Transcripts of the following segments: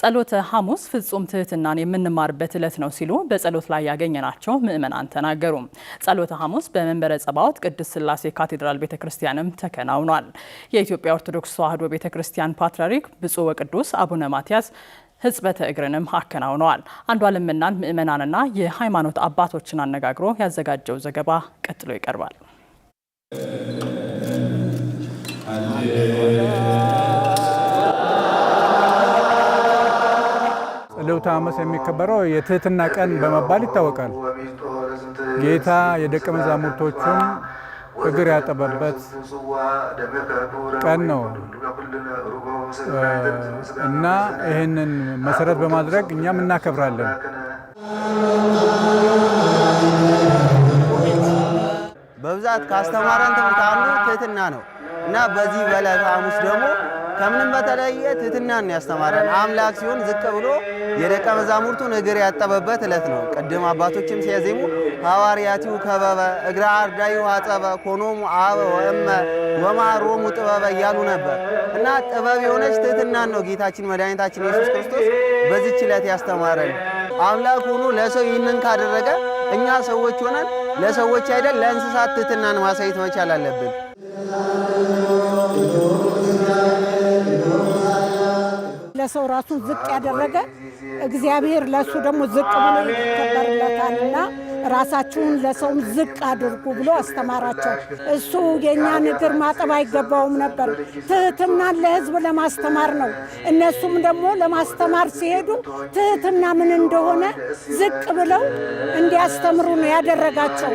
ጸሎተ ሐሙስ ፍጹም ትህትናን የምንማርበት ዕለት ነው ሲሉ በጸሎት ላይ ያገኘናቸው ምእመናን ተናገሩ። ጸሎተ ሐሙስ በመንበረ ጸባዖት ቅድስት ሥላሴ ካቴድራል ቤተ ክርስቲያንም ተከናውኗል። የኢትዮጵያ ኦርቶዶክስ ተዋሕዶ ቤተ ክርስቲያን ፓትርያርክ ብፁዕ ወቅዱስ አቡነ ማትያስ ሕጽበተ እግርንም አከናውነዋል። አንዷለም እናን ምእመናንና የሃይማኖት አባቶችን አነጋግሮ ያዘጋጀው ዘገባ ቀጥሎ ይቀርባል። በጸሎተ ሐሙስ የሚከበረው የትህትና ቀን በመባል ይታወቃል። ጌታ የደቀ መዛሙርቶቹን እግር ያጠበበት ቀን ነው እና ይህንን መሰረት በማድረግ እኛም እናከብራለን። በብዛት ካስተማረን ትምህርት አንዱ ትህትና ነው እና በዚህ በዕለተ ሐሙስ ደግሞ ከምንም በተለየ ትህትናን ያስተማረን አምላክ ሲሆን ዝቅ ብሎ የደቀ መዛሙርቱን እግር ያጠበበት ዕለት ነው። ቅድም አባቶችም ሲያዜሙ ሐዋርያቲው ከበበ እግረ አርዳዩ አጠበ ኮኖሙ አበ ወእመ ወማሮሙ ጥበበ እያሉ ነበር እና ጥበብ የሆነች ትህትናን ነው ጌታችን መድኃኒታችን ኢየሱስ ክርስቶስ በዚች ዕለት ያስተማረን። አምላክ ሆኖ ለሰው ይህንን ካደረገ እኛ ሰዎች ሆነን ለሰዎች አይደል ለእንስሳት ትህትናን ማሳየት መቻል አለብን። ሰው ራሱን ዝቅ ያደረገ እግዚአብሔር ለእሱ ደግሞ ዝቅ ብሎ ይከበርለታልና ራሳችሁን ለሰውም ዝቅ አድርጉ ብሎ አስተማራቸው። እሱ የእኛ እግር ማጠብ አይገባውም ነበር። ትህትናን ለሕዝብ ለማስተማር ነው። እነሱም ደግሞ ለማስተማር ሲሄዱ ትህትና ምን እንደሆነ ዝቅ ብለው እንዲያስተምሩ ነው ያደረጋቸው።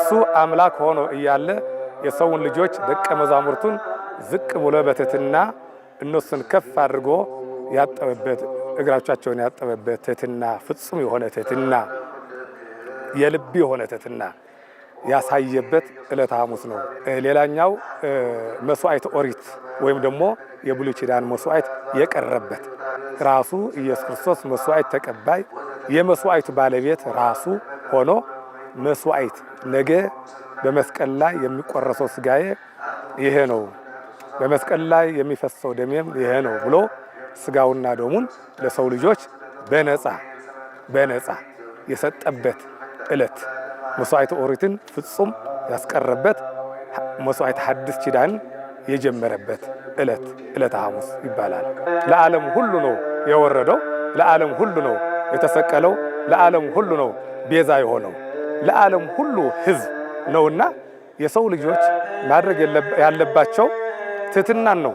እሱ አምላክ ሆኖ እያለ የሰውን ልጆች ደቀ መዛሙርቱን ዝቅ ብሎ በትህትና እነሱን ከፍ አድርጎ ያጠበበት እግራቻቸውን ያጠበበት ትህትና ፍጹም የሆነ ትህትና የልብ የሆነ ትህትና ያሳየበት ዕለተ ሐሙስ ነው። ሌላኛው መስዋዕት ኦሪት ወይም ደግሞ የብሉይ ኪዳን መስዋዕት የቀረበት ራሱ ኢየሱስ ክርስቶስ መስዋዕት ተቀባይ የመስዋዕቱ ባለቤት ራሱ ሆኖ መስዋዕት ነገ በመስቀል ላይ የሚቆረሰው ስጋዬ ይሄ ነው፣ በመስቀል ላይ የሚፈሰው ደሜም ይሄ ነው ብሎ ስጋውና ደሙን ለሰው ልጆች በነፃ በነፃ የሰጠበት ዕለት መስዋዕት ኦሪትን ፍጹም ያስቀረበት መስዋዕት ሐዲስ ኪዳን የጀመረበት ዕለት ዕለተ ሐሙስ ይባላል። ለዓለም ሁሉ ነው የወረደው፣ ለዓለም ሁሉ ነው የተሰቀለው፣ ለዓለም ሁሉ ነው ቤዛ የሆነው፣ ለዓለም ሁሉ ሕዝብ ነውና የሰው ልጆች ማድረግ ያለባቸው ትህትናን ነው።